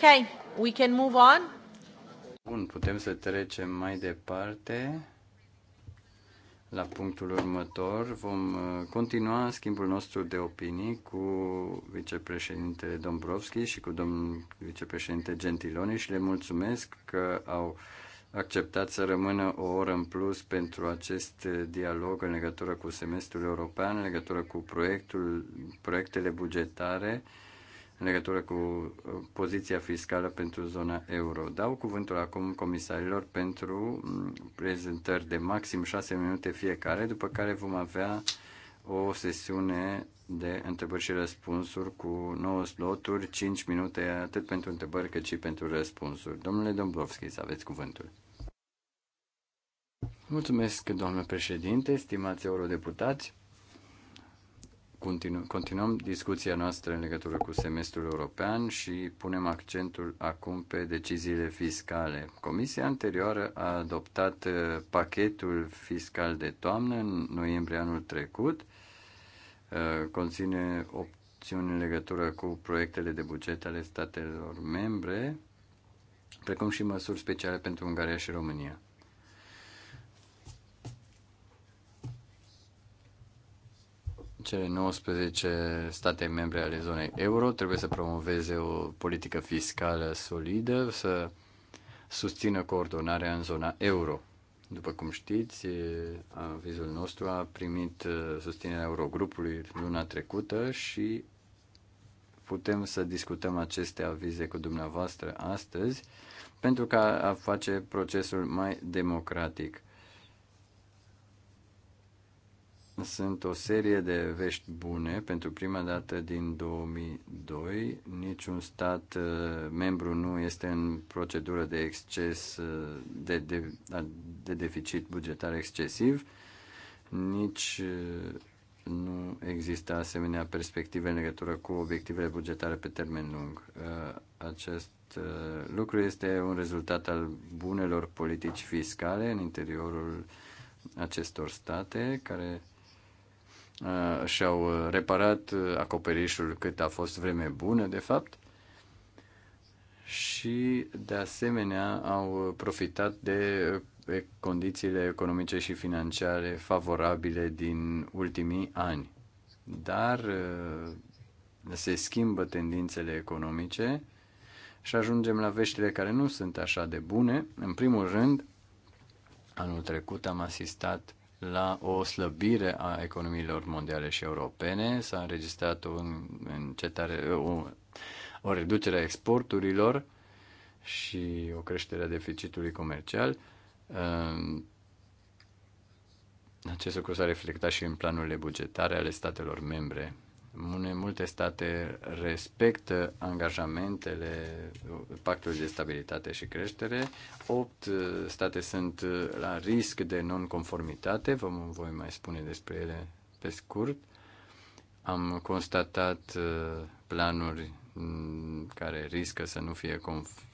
Ok, we can move on. Bun, putem să trecem mai departe la punctul următor. Vom uh, continua schimbul nostru de opinii cu vicepreședintele Dombrovski și cu domnul vicepreședinte Gentiloni și le mulțumesc că au acceptat să rămână o oră în plus pentru acest dialog în legătură cu semestrul european, în legătură cu proiectul, proiectele bugetare în legătură cu uh, poziția fiscală pentru zona euro. Dau cuvântul acum comisarilor pentru mm, prezentări de maxim 6 minute fiecare, după care vom avea o sesiune de întrebări și răspunsuri cu 9 sloturi, 5 minute atât pentru întrebări cât și pentru răspunsuri. Domnule Dombrovski, să aveți cuvântul. Mulțumesc, doamnă președinte, stimați eurodeputați. Continu- continuăm discuția noastră în legătură cu semestrul european și punem accentul acum pe deciziile fiscale. Comisia anterioară a adoptat uh, pachetul fiscal de toamnă în noiembrie anul trecut. Uh, conține opțiuni în legătură cu proiectele de buget ale statelor membre, precum și măsuri speciale pentru Ungaria și România. Cele 19 state membre ale zonei euro trebuie să promoveze o politică fiscală solidă, să susțină coordonarea în zona euro. După cum știți, avizul nostru a primit susținerea Eurogrupului luna trecută și putem să discutăm aceste avize cu dumneavoastră astăzi pentru ca a face procesul mai democratic. Sunt o serie de vești bune. Pentru prima dată din 2002, niciun stat uh, membru nu este în procedură de exces, uh, de, de, de deficit bugetar excesiv, nici uh, nu există asemenea perspective în legătură cu obiectivele bugetare pe termen lung. Acest lucru este un rezultat al bunelor politici fiscale în interiorul acestor state care Uh, și-au uh, reparat uh, acoperișul cât a fost vreme bună, de fapt, și, de asemenea, au profitat de condițiile economice și financiare favorabile din ultimii ani. Dar se schimbă tendințele economice și ajungem la veștile care nu sunt așa de bune. În primul rând, anul trecut am asistat la o slăbire a economiilor mondiale și europene. S-a înregistrat o, încetare, o, o reducere a exporturilor și o creștere a deficitului comercial. Acest lucru s-a reflectat și în planurile bugetare ale statelor membre Multe state respectă angajamentele Pactului de Stabilitate și Creștere. Opt uh, state sunt uh, la risc de nonconformitate. Vă voi mai spune despre ele pe scurt. Am constatat uh, planuri mm, care riscă să nu fie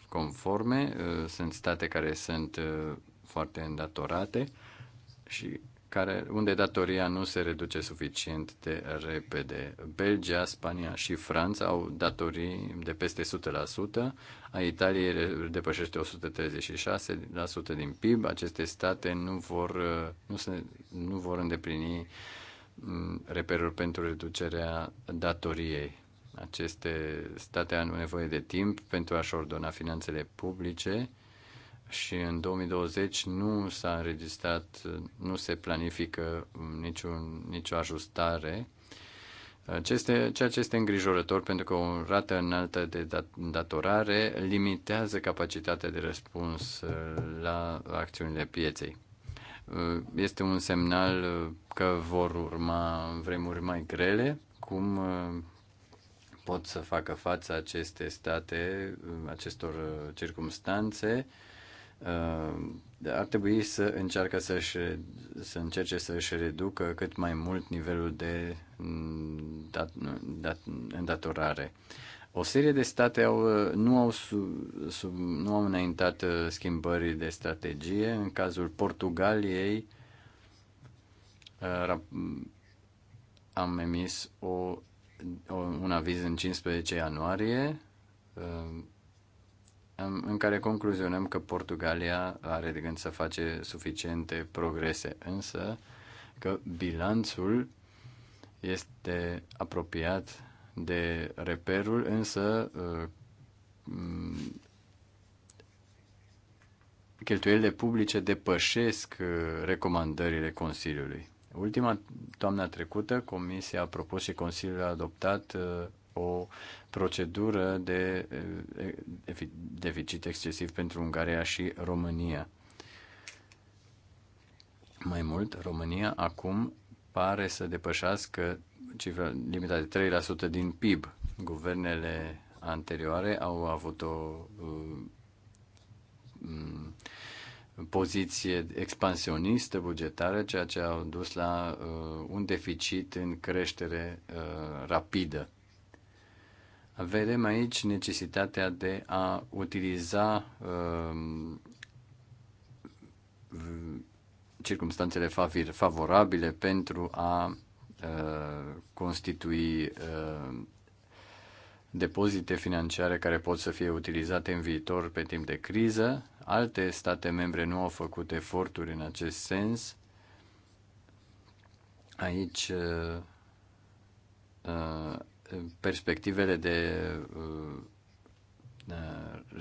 conforme. Sunt state care sunt foarte îndatorate și care, unde datoria nu se reduce suficient de repede. Belgia, Spania și Franța au datorii de peste 100%, a Italiei depășește 136% din PIB. Aceste state nu vor, nu se, nu vor îndeplini mm, reperul pentru reducerea datoriei. Aceste state au nevoie de timp pentru a-și ordona finanțele publice și în 2020 nu s-a înregistrat, nu se planifică niciun, nicio ajustare, ce este, ceea ce este îngrijorător pentru că o rată înaltă de datorare limitează capacitatea de răspuns uh, la acțiunile pieței. Uh, este un semnal uh, că vor urma vremuri mai grele, cum pot să facă față aceste state, acestor circumstanțe, Ehm, ar trebui să, încearcă să, -și, să încerce să își reducă cât mai mult nivelul de dat, dat, îndatorare. O serie de state au, nu, au sub, sub, nu au înaintat uh, schimbări de strategie. În cazul Portugaliei uh, am emis o, o, un aviz în 15 ianuarie ehm, în care concluzionăm că Portugalia are de gând să face suficiente progrese, însă că bilanțul este apropiat de reperul, însă uh, cheltuielile publice depășesc uh, recomandările Consiliului. Ultima toamna trecută, Comisia a propus și Consiliul a adoptat uh, o procedură de eh, deficit excesiv pentru Ungaria și România. Mai mult, România acum pare să depășească cifra, limita de 3% din PIB. Guvernele anterioare au avut o eh, mm, poziție expansionistă bugetară, ceea ce a dus la uh, un deficit în creștere uh, rapidă. Vedem aici necesitatea de a utiliza uh, circumstanțele favorabile pentru a uh, constitui uh, depozite financiare care pot să fie utilizate în viitor pe timp de criză. Alte state membre nu au făcut eforturi în acest sens. Aici uh, uh perspectivele de uh,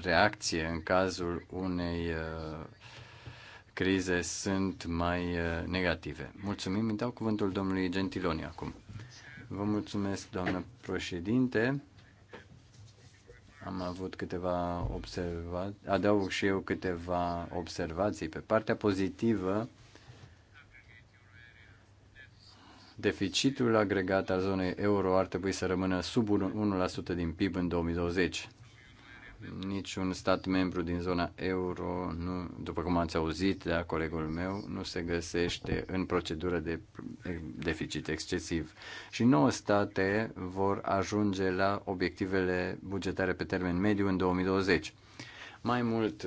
reacție în cazul unei uh, crize sunt mai uh, negative. Mulțumim, Îmi dau cuvântul domnului Gentiloni acum. Vă mulțumesc, doamnă președinte. Am avut câteva observații, adaug și eu câteva observații. Pe partea pozitivă, deficitul agregat al zonei euro ar trebui să rămână sub 1% din PIB în 2020. Niciun stat membru din zona euro, nu, după cum ați auzit de la colegul meu, nu se găsește în procedură de deficit excesiv. Și nouă state vor ajunge la obiectivele bugetare pe termen mediu în 2020. Mai mult,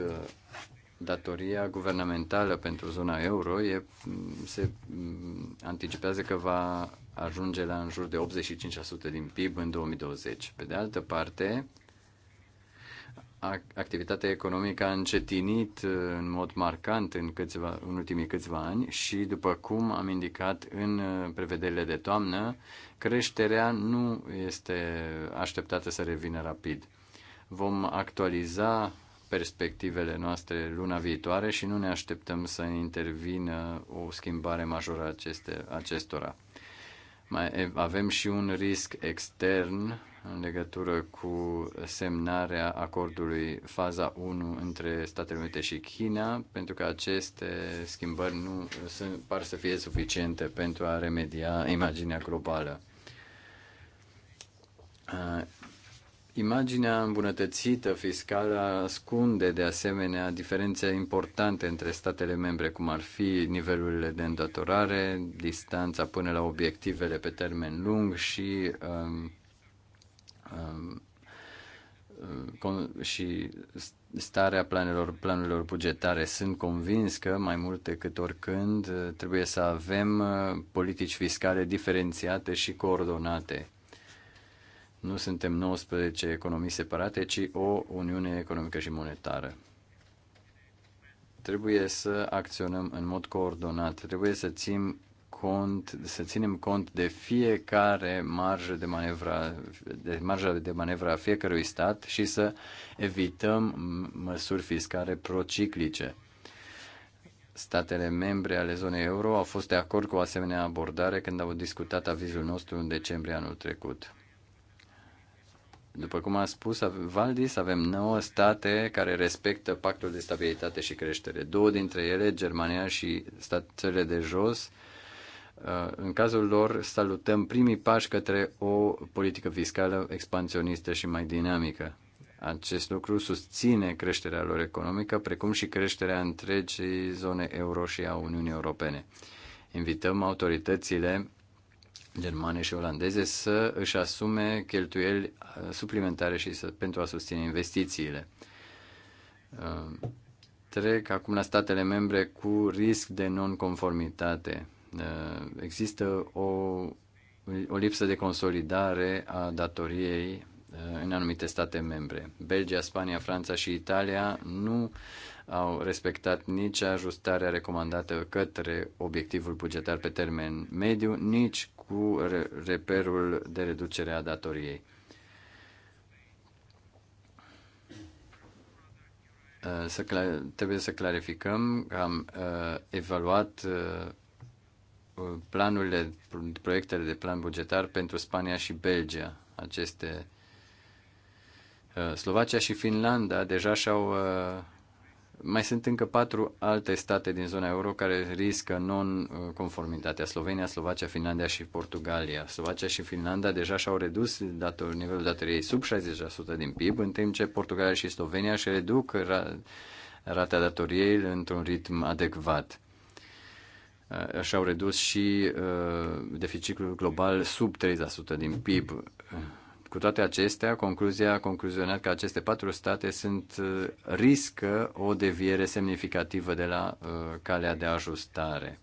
datoria guvernamentală pentru zona euro e, se anticipează că va ajunge la în jur de 85% din PIB în 2020. Pe de altă parte, activitatea economică a încetinit uh, în mod marcant în, câțiva, în ultimii câțiva ani și, după cum am indicat în uh, prevederile de toamnă, creșterea nu este așteptată să revină rapid. Vom actualiza perspectivele noastre luna viitoare și nu ne așteptăm să intervină o schimbare majoră aceste, acestora. Mai avem și un risc extern în legătură cu semnarea acordului faza 1 între Statele Unite și China, pentru că aceste schimbări nu sunt, par să fie suficiente pentru a remedia imaginea globală. Imaginea îmbunătățită fiscală ascunde de asemenea diferențe importante între statele membre, cum ar fi nivelurile de îndatorare, distanța până la obiectivele pe termen lung și, um, um, și starea planelor, planurilor bugetare. Sunt convins că, mai mult decât oricând, trebuie să avem uh, politici fiscale diferențiate și coordonate nu suntem 19 economii separate, ci o Uniune Economică și Monetară. Trebuie să acționăm în mod coordonat, trebuie să ținem cont, să ținem cont de fiecare marjă de manevră de marja de manevră a fiecărui stat și să evităm măsuri fiscale prociclice. Statele membre ale zonei euro au fost de acord cu o asemenea abordare când au discutat avizul nostru în decembrie anul trecut. După cum a spus Valdis, avem 9 state care respectă pactul de stabilitate și creștere. Două dintre ele, Germania și statele de jos, uh, în cazul lor salutăm primii pași către o politică fiscală expansionistă și mai dinamică. Acest lucru susține creșterea lor economică, precum și creșterea întregii zone euro și a Uniunii Europene. Invităm autoritățile germane și olandeze să își asume cheltuieli uh, suplimentare și să, pentru a susține investițiile. Uh, trec acum la statele membre cu risc de nonconformitate. Uh, există o, o lipsă de consolidare a datoriei în anumite state membre. Belgia, Spania, Franța și Italia nu au respectat nici ajustarea recomandată către obiectivul bugetar pe termen mediu, nici cu reperul de reducere a datoriei. Uh, să trebuie să clarificăm că am uh, evaluat uh, planurile, proiectele de plan bugetar pentru Spania și Belgia. Aceste uh, Slovacia și Finlanda deja și-au uh, mai sunt încă patru alte state din zona euro care riscă non-conformitatea. Slovenia, Slovacia, Finlandia și Portugalia. Slovacia și Finlanda deja și-au redus dator, nivelul datoriei sub 60% din PIB, în timp ce Portugalia și Slovenia și reduc ra- rata datoriei într-un ritm adecvat. Uh, și-au redus și uh, deficitul global sub 30% din PIB cu toate acestea, concluzia a concluzionat că aceste patru state sunt uh, riscă o deviere semnificativă de la uh, calea de ajustare.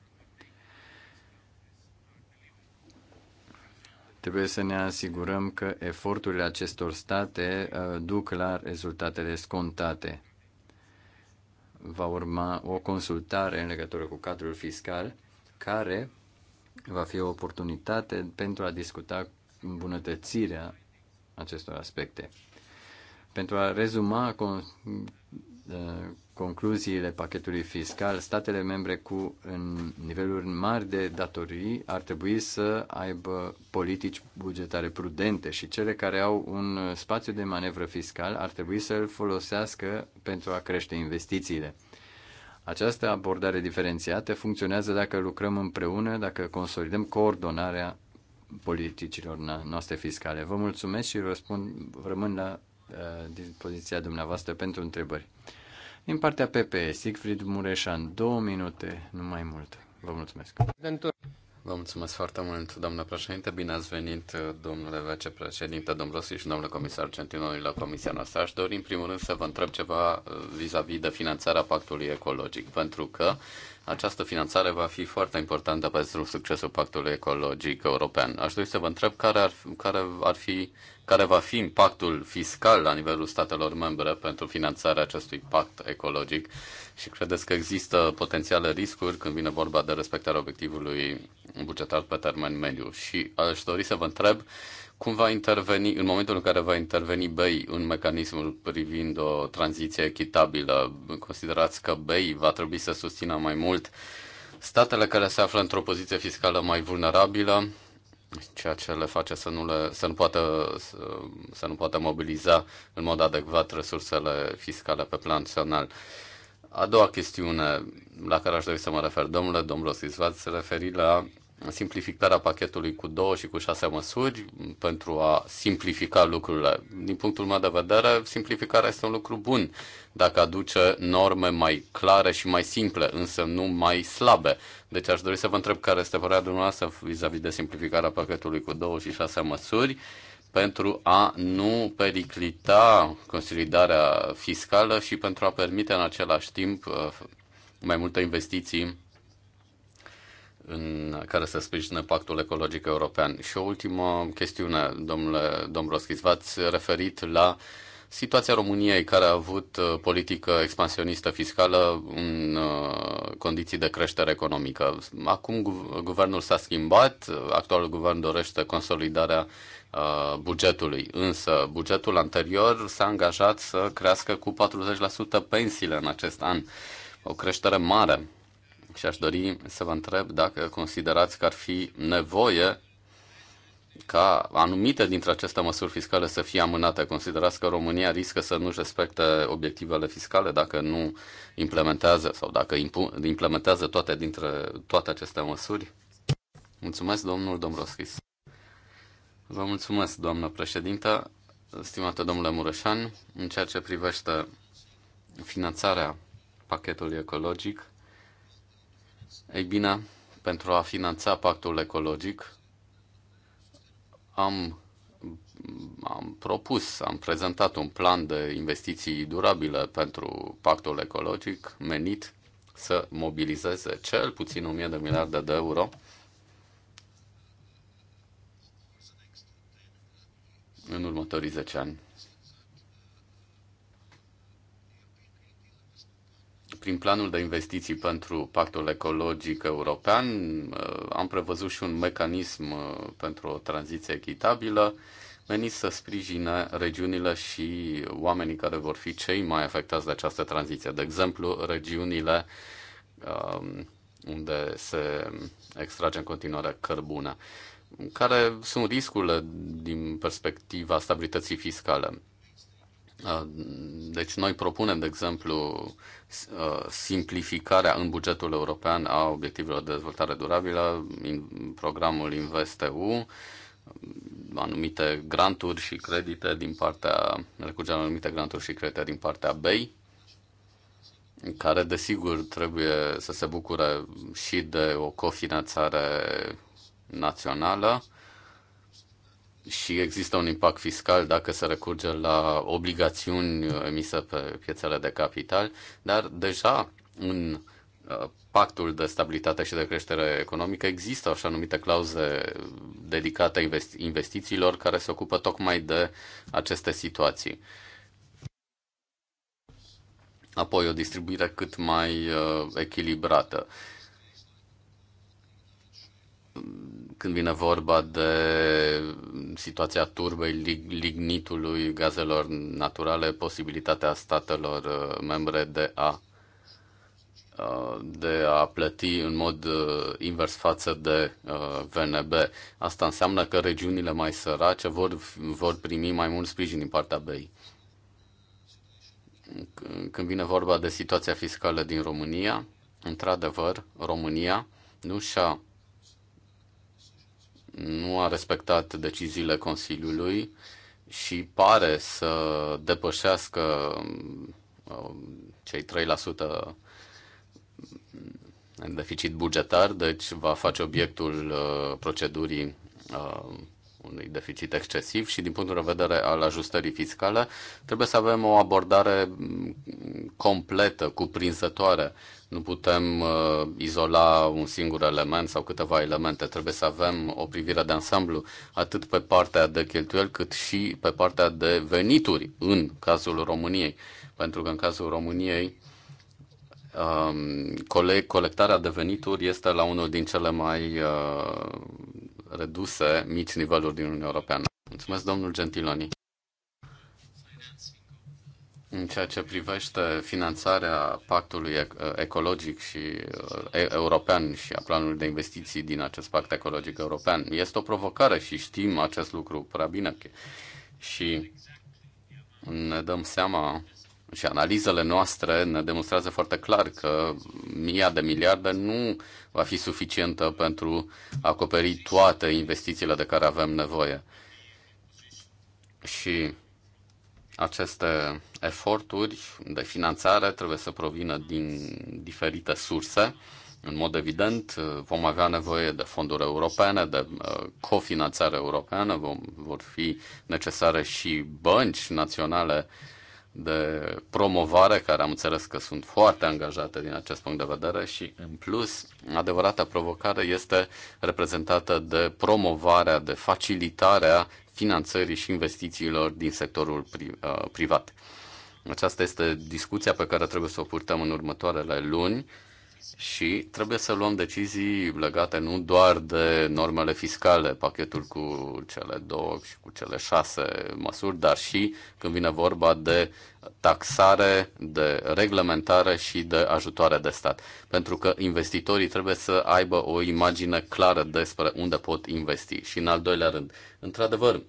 Trebuie să ne asigurăm că eforturile acestor state uh, duc la rezultatele scontate. Va urma o consultare în legătură cu cadrul fiscal, care va fi o oportunitate pentru a discuta îmbunătățirea acestor aspecte. Pentru a rezuma con- eh, concluziile pachetului fiscal, statele membre cu în niveluri mari de datorii ar trebui să aibă politici bugetare prudente și cele care au un spațiu de manevră fiscal ar trebui să îl folosească pentru a crește investițiile. Această abordare diferențiată funcționează dacă lucrăm împreună, dacă consolidăm coordonarea politicilor noastre fiscale. Vă mulțumesc și răspund, rămân la uh, dispoziția dumneavoastră pentru întrebări. Din partea PP, Siegfried Mureșan, două minute, nu mai mult. Vă mulțumesc. Vă mulțumesc foarte mult, doamnă președinte. Bine ați venit, uh, domnule vicepreședinte Rossi și domnule comisar Centinoi la comisia noastră. Aș dori, în primul rând, să vă întreb ceva uh, vis-a-vis -vis de finanțarea pactului ecologic, pentru că uh, această finanțare va fi foarte importantă pentru succesul pactului ecologic european. Aș dori să vă întreb care ar, care ar fi, care va fi impactul fiscal la nivelul statelor membre pentru finanțarea acestui pact ecologic și credeți că există potențiale riscuri când vine vorba de respectarea obiectivului bugetar pe termen mediu? Și aș dori să vă întreb cum va interveni, în momentul în care va interveni BEI în mecanismul privind o tranziție echitabilă, considerați că BEI va trebui să susțină mai mult statele care se află într-o poziție fiscală mai vulnerabilă, ceea ce le face să nu, le, să nu, poată, să, să nu poată mobiliza în mod adecvat resursele fiscale pe plan național. A doua chestiune la care aș dori să mă refer, domnule domnul Dombrovskis, v-ați referit la simplificarea pachetului cu două și cu șase măsuri pentru a simplifica lucrurile. Din punctul meu de vedere, simplificarea este un lucru bun dacă aduce norme mai clare și mai simple, însă nu mai slabe. Deci aș dori să vă întreb care este părerea dumneavoastră vis-a-vis de simplificarea pachetului cu două și șase măsuri pentru a nu periclita consolidarea fiscală și pentru a permite în același timp uh, mai multe investiții în care să sprijină pactul ecologic european. Și o ultimă chestiune, domnule Dombrovskis, v-ați referit la situația României, care a avut uh, politică expansionistă fiscală în uh, condiții de creștere economică. Acum guvernul s-a schimbat, actualul guvern dorește consolidarea Uh, bugetului. Însă, bugetul anterior s-a angajat să crească cu 40% pensiile în acest an. O creștere mare. Și aș dori să vă întreb dacă considerați că ar fi nevoie ca anumite dintre aceste măsuri fiscale să fie amânate. Considerați că România riscă să nu-și respecte obiectivele fiscale dacă nu implementează sau dacă implementează toate dintre toate aceste măsuri? Mulțumesc, domnul Dombrovskis. Vă mulțumesc, doamnă președintă, stimată domnule Mureșan, în ceea ce privește finanțarea pachetului ecologic. Ei bine, pentru a finanța pactul ecologic, am, am propus, am prezentat un plan de investiții durabile pentru pactul ecologic menit să mobilizeze cel puțin 1000 de miliarde de euro în următorii 10 ani. Prin planul de investiții pentru Pactul Ecologic European uh, am prevăzut și un mecanism uh, pentru o tranziție echitabilă menit să sprijine regiunile și oamenii care vor fi cei mai afectați de această tranziție. De exemplu, regiunile um, unde se extrage în continuare cărbune care sunt riscurile din perspectiva stabilității fiscale. Uh, deci noi propunem, de exemplu, uh, simplificarea în bugetul european a obiectivelor de dezvoltare durabilă, în programul InvestEU, anumite granturi și credite din partea, recurgem anumite granturi și credite din partea BEI, care desigur trebuie să se bucure și de o cofinanțare națională și există un impact fiscal dacă se recurge la obligațiuni emise pe piețele de capital, dar deja în uh, pactul de stabilitate și de creștere economică există așa numite clauze dedicate investi- investițiilor care se ocupă tocmai de aceste situații. Apoi o distribuire cât mai uh, echilibrată când vine vorba de situația turbei, lignitului, gazelor naturale, posibilitatea statelor uh, membre de a uh, de a plăti în mod uh, invers față de VNB. Asta înseamnă că regiunile mai sărace vor, vor primi mai mult sprijin din partea BEI. Când vine vorba de situația fiscală din România, într-adevăr, România nu și-a a respectat deciziile Consiliului și pare să depășească um, cei 3% deficit bugetar, deci va face obiectul uh, procedurii uh, unui deficit excesiv și din punctul de vedere al ajustării fiscale, trebuie să avem o abordare mm, completă, cuprinzătoare. Nu putem uh, izola un singur element sau câteva elemente. Trebuie să avem o privire de ansamblu atât pe partea de cheltuieli cât și pe partea de venituri în cazul României. Pentru că în cazul României um, colectarea de venituri este la unul din cele mai uh, reduse mici niveluri din Uniunea Europeană. Mulțumesc, domnul Gentiloni. În ceea ce privește finanțarea pactului ecologic și european și a planului de investiții din acest pact ecologic european, este o provocare și știm acest lucru prea bine. Și ne dăm seama și analizele noastre ne demonstrează foarte clar că mia de miliarde nu va fi suficientă pentru a acoperi toate investițiile de care avem nevoie. Și aceste eforturi de finanțare trebuie să provină din diferite surse. În mod evident, vom avea nevoie de fonduri europene, de uh, cofinanțare europeană, vom, vor fi necesare și bănci naționale uh, de promovare, care am înțeles că sunt foarte angajate din acest punct de vedere și, în plus, adevărata provocare este reprezentată de promovarea, de facilitarea finanțării și investițiilor din sectorul uh, privat. Aceasta este discuția pe care trebuie să o purtăm în următoarele luni și trebuie să luăm decizii legate nu doar de normele fiscale, pachetul cu cele două și cu cele șase măsuri, dar și când vine vorba de taxare, de reglementare și de ajutoare de stat. Pentru că investitorii trebuie să aibă o imagine clară despre unde pot investi. Și în al doilea rând, într-adevăr,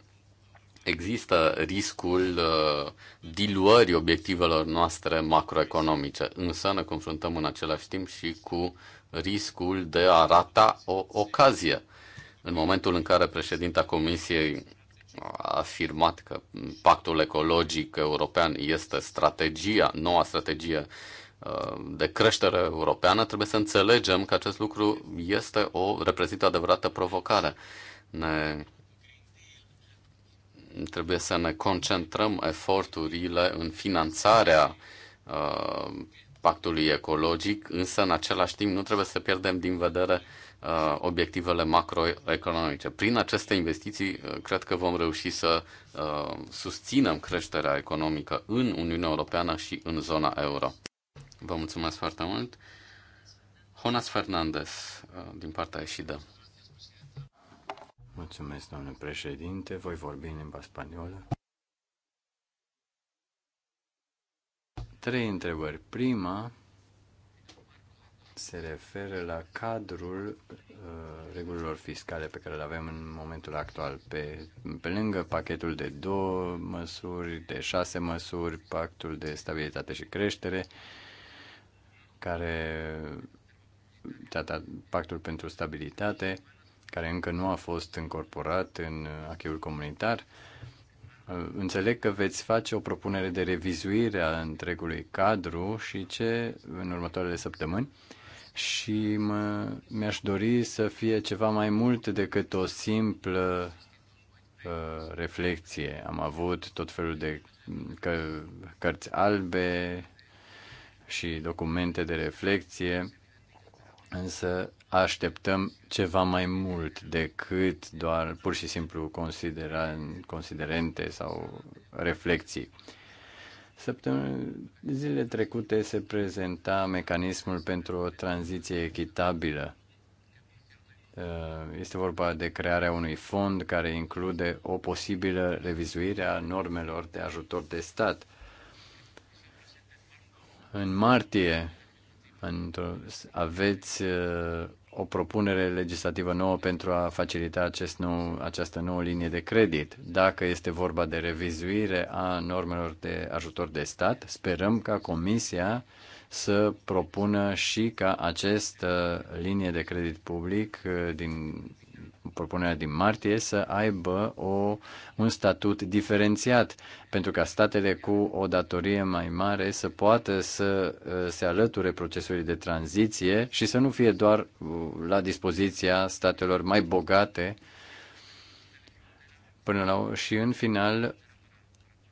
există riscul uh, diluării obiectivelor noastre macroeconomice, însă ne confruntăm în același timp și cu riscul de a rata o ocazie. În momentul în care președinta Comisiei a afirmat că pactul ecologic european este strategia, noua strategie uh, de creștere europeană, trebuie să înțelegem că acest lucru este o reprezintă adevărată provocare. Ne trebuie să ne concentrăm eforturile în finanțarea uh, pactului ecologic, însă în același timp nu trebuie să pierdem din vedere uh, obiectivele macroeconomice. Prin aceste investiții, uh, cred că vom reuși să uh, susținem creșterea economică în Uniunea Europeană și în zona euro. Vă mulțumesc foarte mult. Jonas Fernandez, uh, din partea ieșită. Mulțumesc, domnule președinte. Voi vorbi în limba spaniolă. Trei întrebări. Prima se referă la cadrul uh, regulilor fiscale pe care le avem în momentul actual. Pe, pe lângă pachetul de două măsuri, de șase măsuri, pactul de stabilitate și creștere, care pactul pentru stabilitate, care încă nu a fost incorporat în acheul comunitar. Înțeleg că veți face o propunere de revizuire a întregului cadru și ce în următoarele săptămâni și mă, mi-aș dori să fie ceva mai mult decât o simplă uh, reflexie. Am avut tot felul de că, cărți albe și documente de reflexie, însă așteptăm ceva mai mult decât doar pur și simplu considerente sau reflexii. Săptămâna, zilele trecute se prezenta mecanismul pentru o tranziție echitabilă. Uh, este vorba de crearea unui fond care include o posibilă revizuire a normelor de ajutor de stat. În martie, aveți uh, o propunere legislativă nouă pentru a facilita acest nou, această nouă linie de credit. Dacă este vorba de revizuire a normelor de ajutor de stat, sperăm ca Comisia să propună și ca această linie de credit public uh, din propunerea din martie să aibă o, un statut diferențiat, pentru ca statele cu o datorie mai mare să poată să uh, se alăture procesului de tranziție și să nu fie doar uh, la dispoziția statelor mai bogate. Până la și în final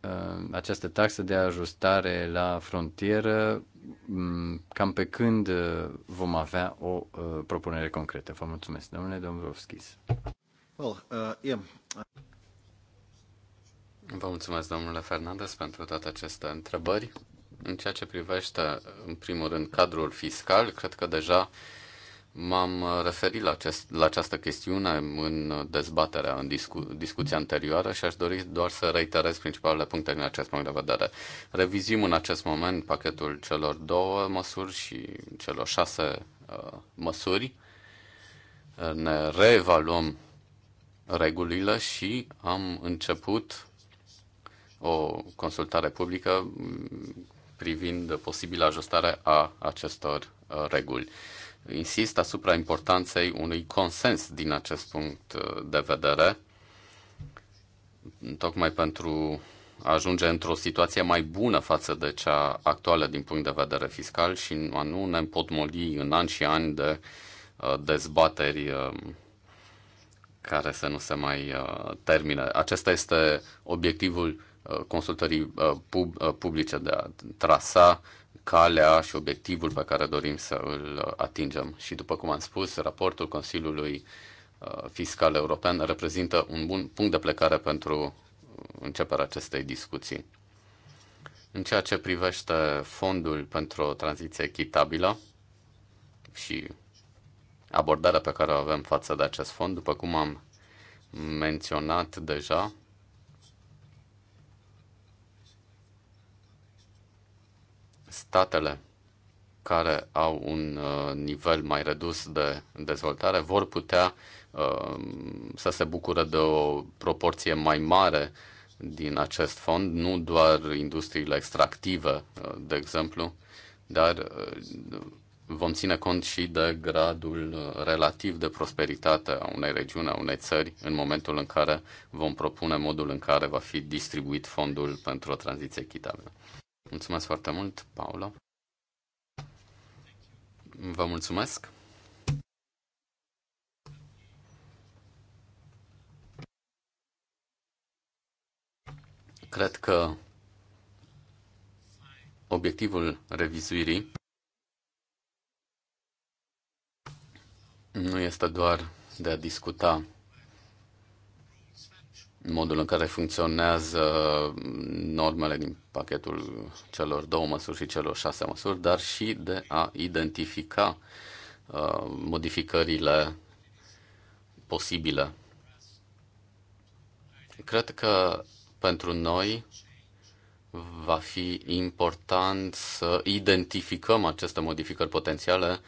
Uh, această taxă de ajustare la frontieră, mm, cam pe când uh, vom avea o uh, propunere concretă. Vă mulțumesc, domnule Dombrovskis. Well, uh, yeah. Vă mulțumesc, domnule Fernandez, pentru toate aceste întrebări. În ceea ce privește, în primul rând, cadrul fiscal, cred că deja uh, M-am uh, referit la, acest, la această chestiune în dezbaterea, în discu- discuția anterioară și aș dori doar să reiterez principalele puncte din acest punct de vedere. Revizim în acest moment pachetul celor două măsuri și celor șase uh, măsuri. Ne reevaluăm regulile și am început o consultare publică mm, privind posibilă ajustare a acestor uh, reguli insist asupra importanței unui consens din acest punct uh, de vedere, tocmai pentru a ajunge într-o situație mai bună față de cea actuală din punct de vedere fiscal și a nu ne împotmoli în ani și ani de uh, dezbateri uh, care să nu se mai termine. Acesta este obiectivul consultării publice de a trasa calea și obiectivul pe care dorim să îl atingem. Și după cum am spus, raportul Consiliului uh, Fiscal European reprezintă un bun punct de plecare pentru uh, începerea acestei discuții. În ceea ce privește fondul pentru o tranziție echitabilă și abordarea pe care o avem față de acest fond, după cum am menționat deja, statele care au un uh, nivel mai redus de dezvoltare vor putea uh, să se bucură de o proporție mai mare din acest fond, nu doar industriile extractive, uh, de exemplu, dar vom ține cont și de gradul relativ de prosperitate a unei regiuni, a unei țări, în momentul în care vom propune modul în care va fi distribuit fondul pentru o tranziție echitabilă. Mulțumesc foarte mult, Paula. Vă mulțumesc. Cred că obiectivul revizuirii nu este doar de a discuta modul în care funcționează normele din pachetul celor două măsuri și celor șase măsuri, dar și de a identifica uh, modificările posibile. Cred că pentru noi va fi important să identificăm aceste modificări potențiale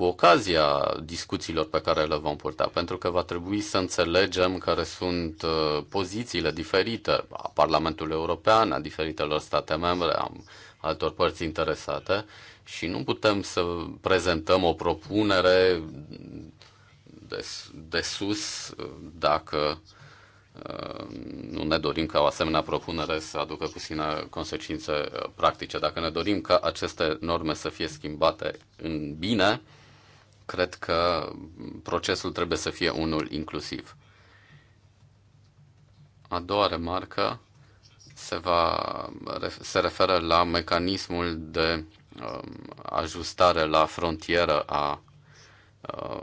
cu ocazia discuțiilor pe care le vom purta, pentru că va trebui să înțelegem care sunt uh, pozițiile diferite a Parlamentului European, a diferitelor state membre, a altor părți interesate și nu putem să prezentăm o propunere de, de sus dacă uh, nu ne dorim ca o asemenea propunere să aducă cu sine consecințe uh, practice. Dacă ne dorim ca aceste norme să fie schimbate în bine, cred că procesul trebuie să fie unul inclusiv. A doua remarcă se, va, se referă la mecanismul de um, ajustare la frontieră a uh,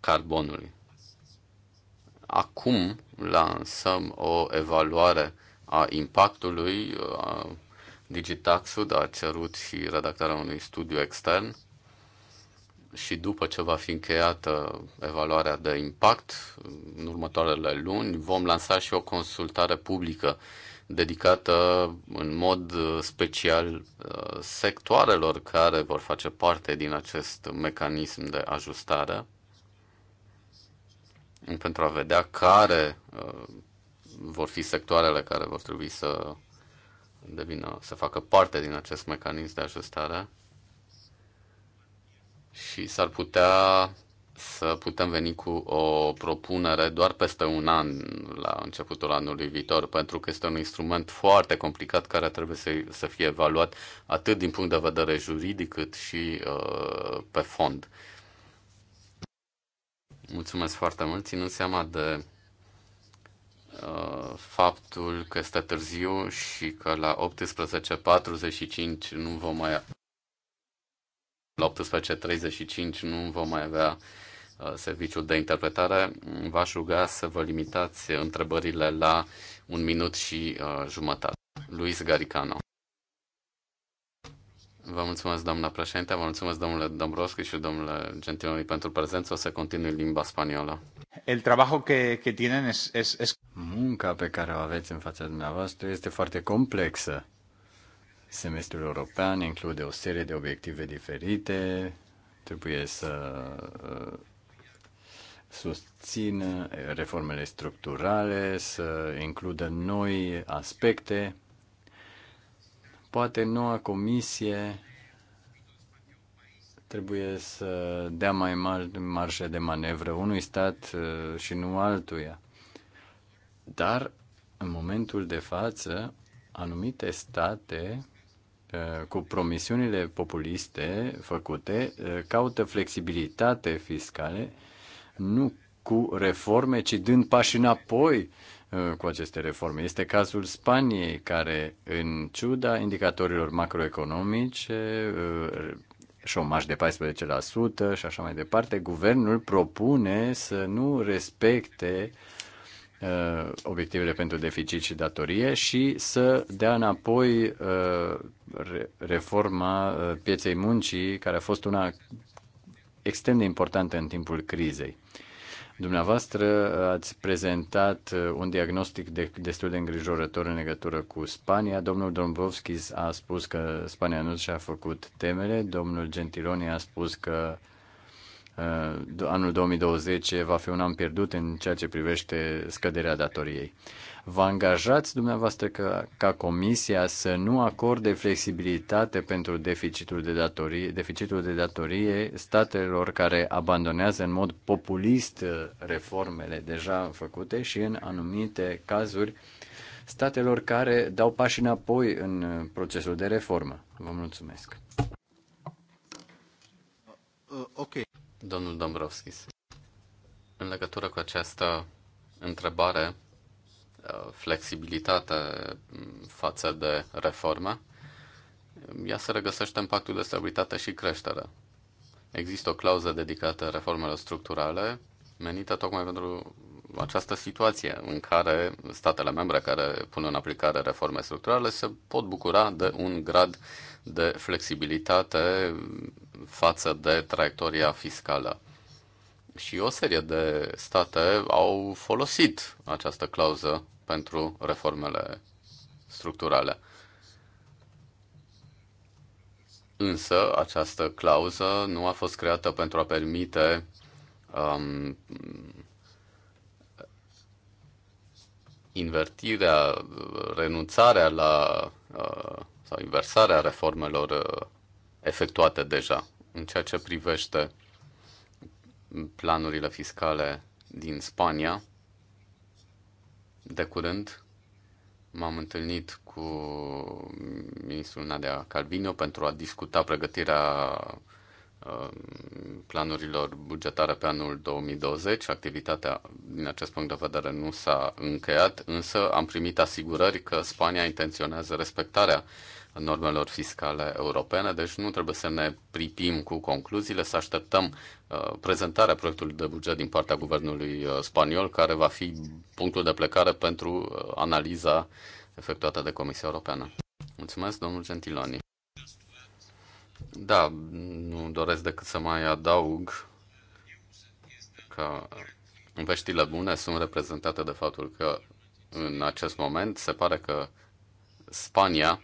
carbonului. Acum lansăm o evaluare a impactului. Uh, Digitaxul a cerut și redactarea unui studiu extern și după ce va fi încheiată evaluarea de impact, în următoarele luni, vom lansa și o consultare publică dedicată în mod uh, special uh, sectoarelor care vor face parte din acest mecanism de ajustare pentru a vedea care uh, vor fi sectoarele care vor trebui să devină, să facă parte din acest mecanism de ajustare și s-ar putea să putem veni cu o propunere doar peste un an, la începutul anului viitor, pentru că este un instrument foarte complicat care trebuie să, să fie evaluat atât din punct de vedere juridic cât și uh, pe fond. Mulțumesc foarte mult, ținând seama de uh, faptul că este târziu și că la 18.45 nu vom mai la 18.35 nu vom mai avea uh, serviciul de interpretare. V-aș ruga să vă limitați întrebările la un minut și uh, jumătate. Luis Garicano. Vă mulțumesc, doamna președinte, vă mulțumesc, domnule Dombrovski și domnule Gentiloni, pentru prezență. O să continui limba spaniolă. El trabajo que, que tienen es, es, es... Munca pe care o aveți în fața dumneavoastră este foarte complexă. Semestrul european include o serie de obiective diferite, trebuie să uh, susțină reformele structurale, să includă noi aspecte. Poate noua comisie trebuie să dea mai mari marșe de manevră unui stat uh, și nu altuia. Dar, în momentul de față, anumite state Eh, cu promisiunile populiste făcute, eh, caută flexibilitate fiscale, nu cu reforme, ci dând pași înapoi eh, cu aceste reforme. Este cazul Spaniei, care, în ciuda indicatorilor macroeconomice, șomaj de 14% și așa mai departe, guvernul propune să nu respecte uh, Uh, obiectivele pentru deficit și datorie și să dea înapoi uh, reforma uh, pieței muncii, care a fost una extrem de importantă în timpul crizei. Dumneavoastră ați prezentat un diagnostic de, destul de îngrijorător în legătură cu Spania. Domnul Dombrovskis a spus că Spania nu și-a făcut temele, domnul Gentiloni a spus că Uh, anul 2020 va fi un an pierdut în ceea ce privește scăderea datoriei. Vă angajați dumneavoastră ca, ca comisia să nu acorde flexibilitate pentru deficitul de datorie, deficitul de datorie statelor care abandonează în mod populist uh, reformele deja făcute și în anumite cazuri statelor care dau pași înapoi în uh, procesul de reformă. Vă mulțumesc. Uh, ok. Domnul Dombrovskis, în legătură cu această întrebare, uh, flexibilitate mm, față de reformă, ea se regăsește în pactul de stabilitate și creștere. Există o clauză dedicată reformelor structurale, menită tocmai pentru această situație în care statele membre care pun în aplicare reforme structurale se pot bucura de un grad de flexibilitate față de traiectoria fiscală. Și o serie de state au folosit această clauză pentru reformele structurale. Însă, această clauză nu a fost creată pentru a permite um, invertirea, renunțarea la uh, sau inversarea reformelor uh, efectuate deja în ceea ce privește planurile fiscale din Spania. De curând m-am întâlnit cu ministrul Nadia Calvino pentru a discuta pregătirea planurilor bugetare pe anul 2020. Activitatea, din acest punct de vedere, nu s-a încheiat, însă am primit asigurări că Spania intenționează respectarea normelor fiscale europene, deci nu trebuie să ne pripim cu concluziile, să așteptăm uh, prezentarea proiectului de buget din partea guvernului uh, spaniol, care va fi punctul de plecare pentru uh, analiza efectuată de Comisia Europeană. Mulțumesc, domnul Gentiloni. Da, nu doresc decât să mai adaug că veștile bune sunt reprezentate de faptul că în acest moment se pare că Spania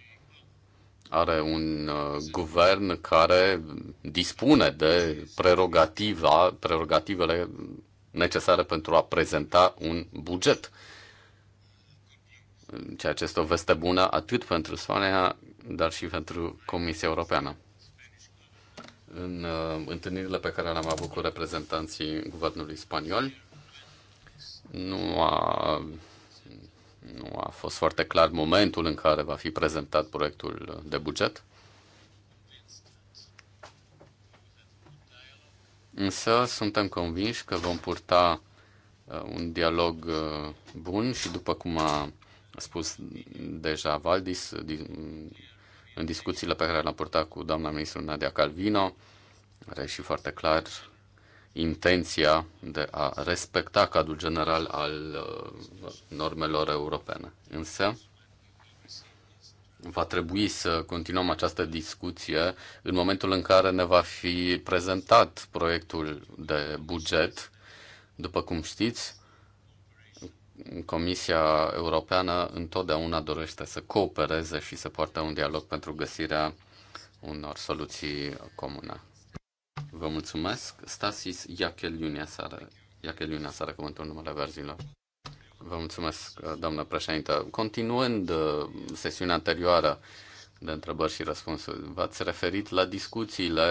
are un uh, guvern care dispune de prerogativa, prerogativele necesare pentru a prezenta un buget. Ceea ce este o veste bună atât pentru Spania, dar și pentru Comisia Europeană în uh, întâlnirile pe care le-am avut cu reprezentanții guvernului spaniol. Nu a, nu a fost foarte clar momentul în care va fi prezentat proiectul de buget. Însă suntem convinși că vom purta uh, un dialog uh, bun și după cum a spus deja Valdis, în discuțiile pe care le-am purtat cu doamna ministru Nadia Calvino, are și foarte clar intenția de a respecta cadrul general al uh, normelor europene. Însă, va trebui să continuăm această discuție în momentul în care ne va fi prezentat proiectul de buget. După cum știți, Comisia Europeană întotdeauna dorește să coopereze și să poartă un dialog pentru găsirea unor soluții comune. Vă mulțumesc. Stasis Iachel Iunia Sară, cuvântul numele verzilor. Vă mulțumesc, doamnă președintă. Continuând uh, sesiunea anterioară de întrebări și răspunsuri, v-ați referit la discuțiile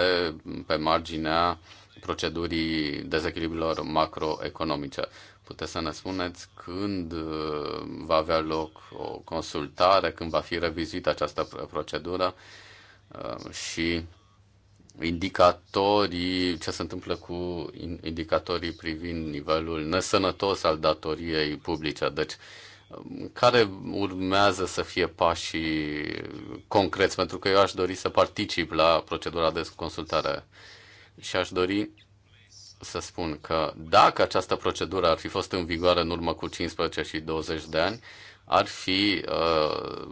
pe marginea procedurii dezechilibrilor macroeconomice. Puteți să ne spuneți când uh, va avea loc o consultare, când va fi revizuită această procedură uh, și indicatorii, ce se întâmplă cu indicatorii privind nivelul nesănătos al datoriei publice. Deci, um, care urmează să fie pașii concreți? Pentru că eu aș dori să particip la procedura de consultare și aș dori să spun că dacă această procedură ar fi fost în vigoare în urmă cu 15 și 20 de ani, ar fi uh,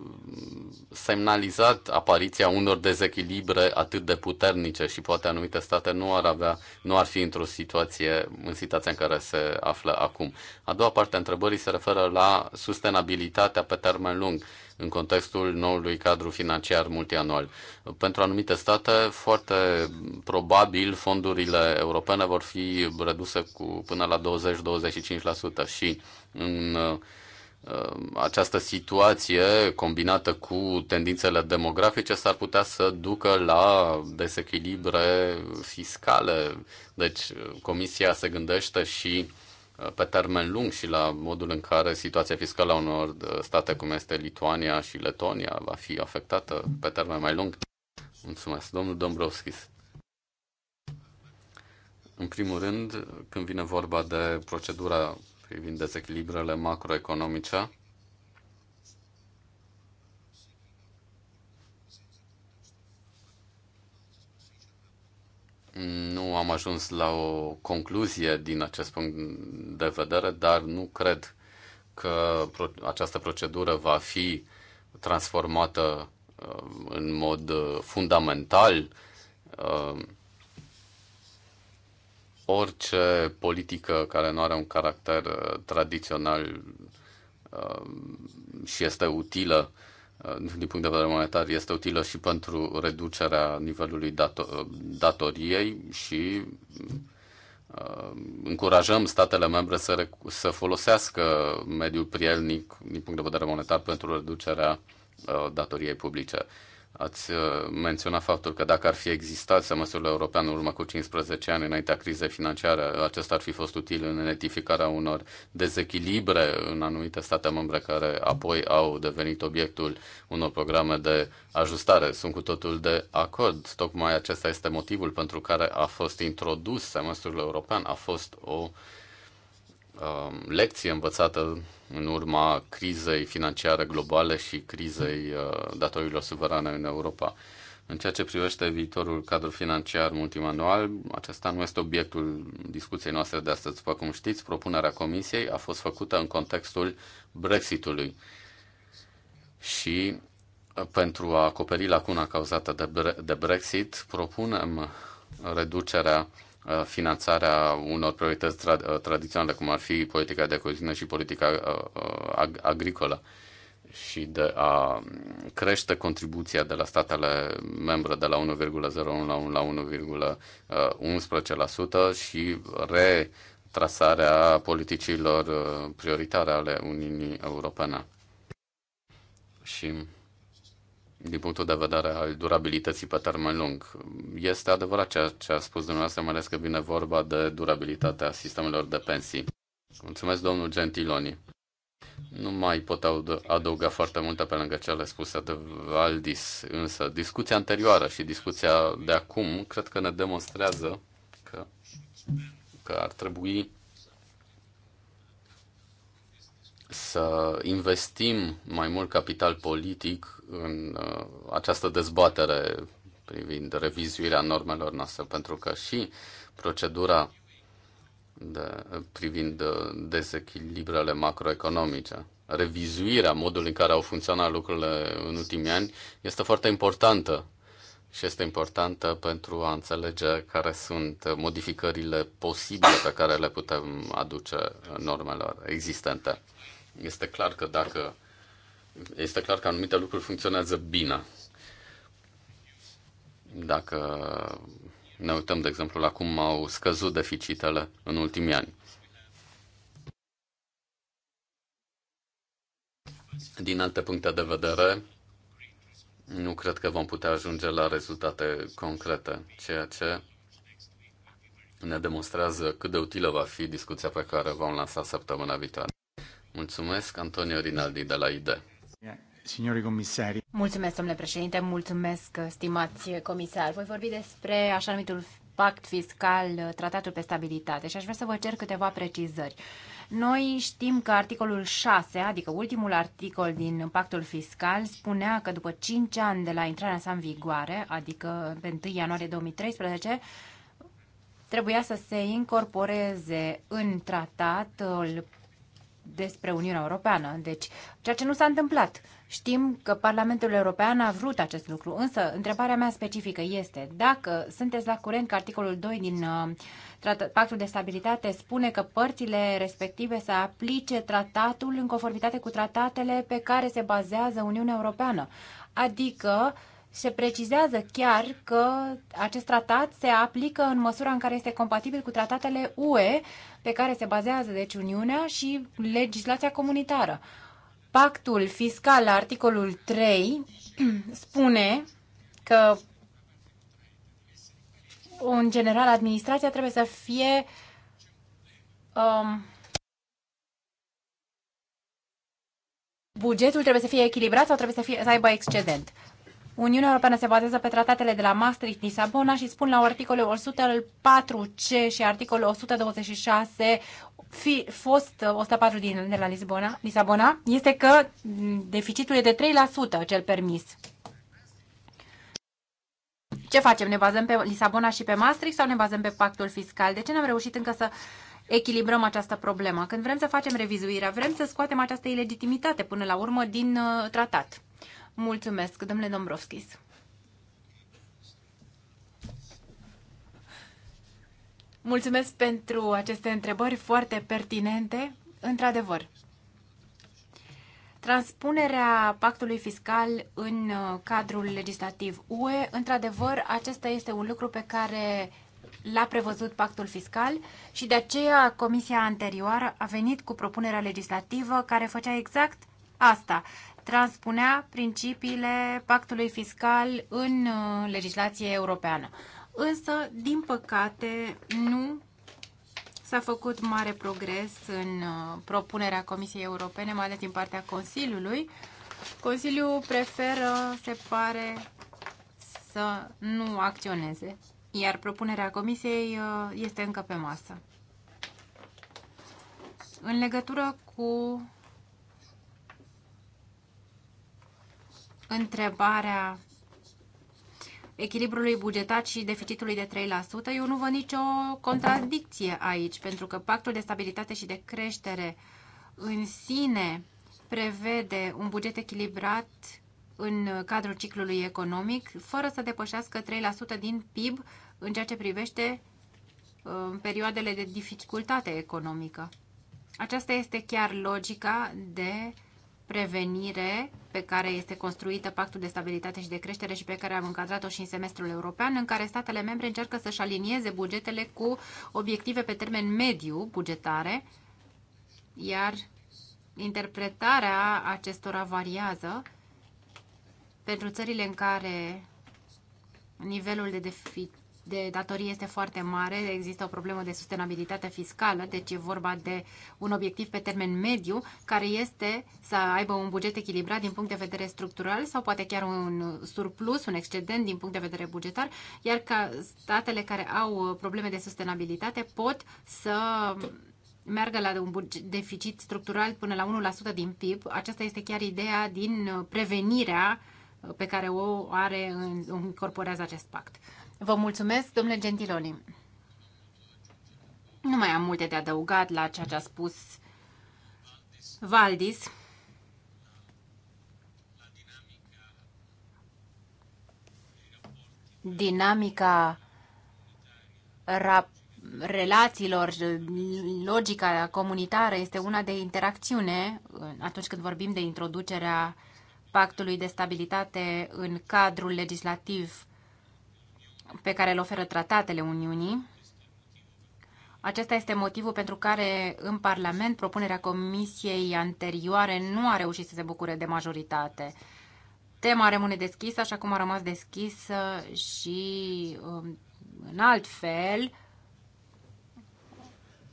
semnalizat apariția unor dezechilibre atât de puternice și poate anumite state nu ar avea, nu ar fi într-o situație, în situația în care se află acum. A doua parte a întrebării se referă la sustenabilitatea pe termen lung în contextul noului cadru financiar multianual. Pentru anumite state, foarte probabil fondurile europene vor fi reduse cu până la 20-25% și în uh, Ehm, această situație combinată cu tendințele demografice s-ar putea să ducă la desechilibre fiscale. Deci Comisia se gândește și eh, pe termen lung și la modul în care situația fiscală a unor eh, state cum este Lituania și Letonia va fi afectată pe termen mai lung. Mulțumesc, domnul Dombrovskis. În primul rând, când vine vorba de procedura privind dezechilibrele macroeconomice. Nu am ajuns la o concluzie din acest punct de vedere, dar nu cred că această procedură va fi transformată uh, în mod uh, fundamental uh, orice politică care nu are un caracter uh, tradițional uh, și este utilă uh, din punct de vedere monetar, este utilă și pentru reducerea nivelului datoriei și încurajăm statele membre să, să folosească mediul prielnic din punct de vedere monetar pentru reducerea datoriei publice. Ați uh, menționat faptul că dacă ar fi existat semestrul european în urmă cu 15 ani înaintea crizei financiare, acesta ar fi fost util în identificarea unor dezechilibre în anumite state membre care apoi au devenit obiectul unor programe de ajustare. Sunt cu totul de acord. Tocmai acesta este motivul pentru care a fost introdus semestrul european. A fost o uh, Um, lecție învățată în urma crizei financiare globale și crizei uh, datorilor suverane în Europa. În ceea ce privește viitorul cadru financiar multimanual, acesta nu este obiectul discuției noastre de astăzi. După cum știți, propunerea Comisiei a fost făcută în contextul Brexitului și uh, pentru a acoperi lacuna cauzată de, Brexit, propunem reducerea Uh, finanțarea unor priorități tra- uh, tradiționale, cum ar fi politica de coeziune și politica uh, ag- agricolă și de a crește contribuția de la statele membre de la 1,01 la 1,11% și retrasarea politicilor prioritare ale Uniunii Europene. Și din punctul de vedere al durabilității pe termen lung. Este adevărat ceea ce a spus dumneavoastră, mai ales că vine vorba de durabilitatea sistemelor de pensii. Mulțumesc, domnul Gentiloni. Nu mai pot adăuga foarte multe pe lângă cele spuse de Valdis, însă discuția anterioară și discuția de acum cred că ne demonstrează că, că ar trebui să investim mai mult capital politic în uh, această dezbatere privind revizuirea normelor noastre, pentru că și procedura de, privind uh, dezechilibrele macroeconomice, revizuirea modului în care au funcționat lucrurile în ultimii ani este foarte importantă și este importantă pentru a înțelege care sunt modificările posibile pe care le putem aduce normelor existente. Este clar că dacă este clar că anumite lucruri funcționează bine. Dacă ne uităm, de exemplu, la cum au scăzut deficitele în ultimii ani. Din alte puncte de vedere, nu cred că vom putea ajunge la rezultate concrete, ceea ce ne demonstrează cât de utilă va fi discuția pe care vom lansa săptămâna viitoare. Mulțumesc, Antonio Rinaldi de la IDE. comisari. Mulțumesc, domnule președinte, mulțumesc, stimați comisar. Voi vorbi despre așa numitul pact fiscal, tratatul pe stabilitate și aș vrea să vă cer câteva precizări. Noi știm că articolul 6, adică ultimul articol din pactul fiscal, spunea că după 5 ani de la intrarea sa în vigoare, adică pe 1 ianuarie 2013, trebuia să se incorporeze în tratatul despre Uniunea Europeană. Deci, ceea ce nu s-a întâmplat. Știm că Parlamentul European a vrut acest lucru, însă întrebarea mea specifică este dacă sunteți la curent că articolul 2 din uh, Pactul de Stabilitate spune că părțile respective să aplice tratatul în conformitate cu tratatele pe care se bazează Uniunea Europeană. Adică se precizează chiar că acest tratat se aplică în măsura în care este compatibil cu tratatele UE pe care se bazează deci Uniunea și legislația comunitară. Pactul fiscal la articolul 3 spune că în general administrația trebuie să fie um, bugetul trebuie să fie echilibrat sau trebuie să, fie, să aibă excedent. Uniunea Europeană se bazează pe tratatele de la Maastricht, Lisabona și spun la articolul 104C și articolul 126 fi fost 104 uh, din, de la Lisbona, Lisabona, este că mm, deficitul e de 3% cel permis. Ce facem? Ne bazăm pe Lisabona și pe Maastricht sau ne bazăm pe pactul fiscal? De ce n-am reușit încă să echilibrăm această problemă? Când vrem să facem revizuirea, vrem să scoatem această ilegitimitate până la urmă din uh, tratat. Mulțumesc, domnule Dombrovskis. Mulțumesc pentru aceste întrebări foarte pertinente. Într-adevăr, Transpunerea pactului fiscal în uh, cadrul legislativ UE, într-adevăr, acesta este un lucru pe care l-a prevăzut pactul fiscal și de aceea comisia anterioară a venit cu propunerea legislativă care făcea exact asta transpunea principiile pactului fiscal în uh, legislație europeană. Însă, din păcate, nu s-a făcut mare progres în uh, propunerea Comisiei Europene, mai ales din partea Consiliului. Consiliul preferă, se pare, să nu acționeze, iar propunerea Comisiei uh, este încă pe masă. În legătură cu întrebarea echilibrului bugetat și deficitului de 3%, eu nu văd nicio contradicție aici, pentru că pactul de stabilitate și de creștere în sine prevede un buget echilibrat în cadrul ciclului economic, fără să depășească 3% din PIB în ceea ce privește uh, perioadele de dificultate economică. Aceasta este chiar logica de prevenire pe care este construită Pactul de Stabilitate și de Creștere și pe care am încadrat-o și în semestrul european, în care statele membre încearcă să-și alinieze bugetele cu obiective pe termen mediu bugetare, iar interpretarea acestora variază pentru țările în care nivelul de deficit de datorie este foarte mare, există o problemă de sustenabilitate fiscală, deci e vorba de un obiectiv pe termen mediu care este să aibă un buget echilibrat din punct de vedere structural sau poate chiar un surplus, un excedent din punct de vedere bugetar, iar ca statele care au probleme de sustenabilitate pot să meargă la un deficit structural până la 1% din PIB. Aceasta este chiar ideea din prevenirea pe care o are, incorporează acest pact. Vă mulțumesc, domnule Gentiloni. Nu mai am multe de adăugat la ceea ce a spus Valdis. Dinamica relațiilor, logica comunitară este una de interacțiune atunci când vorbim de introducerea pactului de stabilitate în cadrul legislativ pe care îl oferă tratatele Uniunii. Acesta este motivul pentru care în Parlament propunerea comisiei anterioare nu a reușit să se bucure de majoritate. Tema rămâne deschisă, așa cum a rămas deschisă și um, în alt fel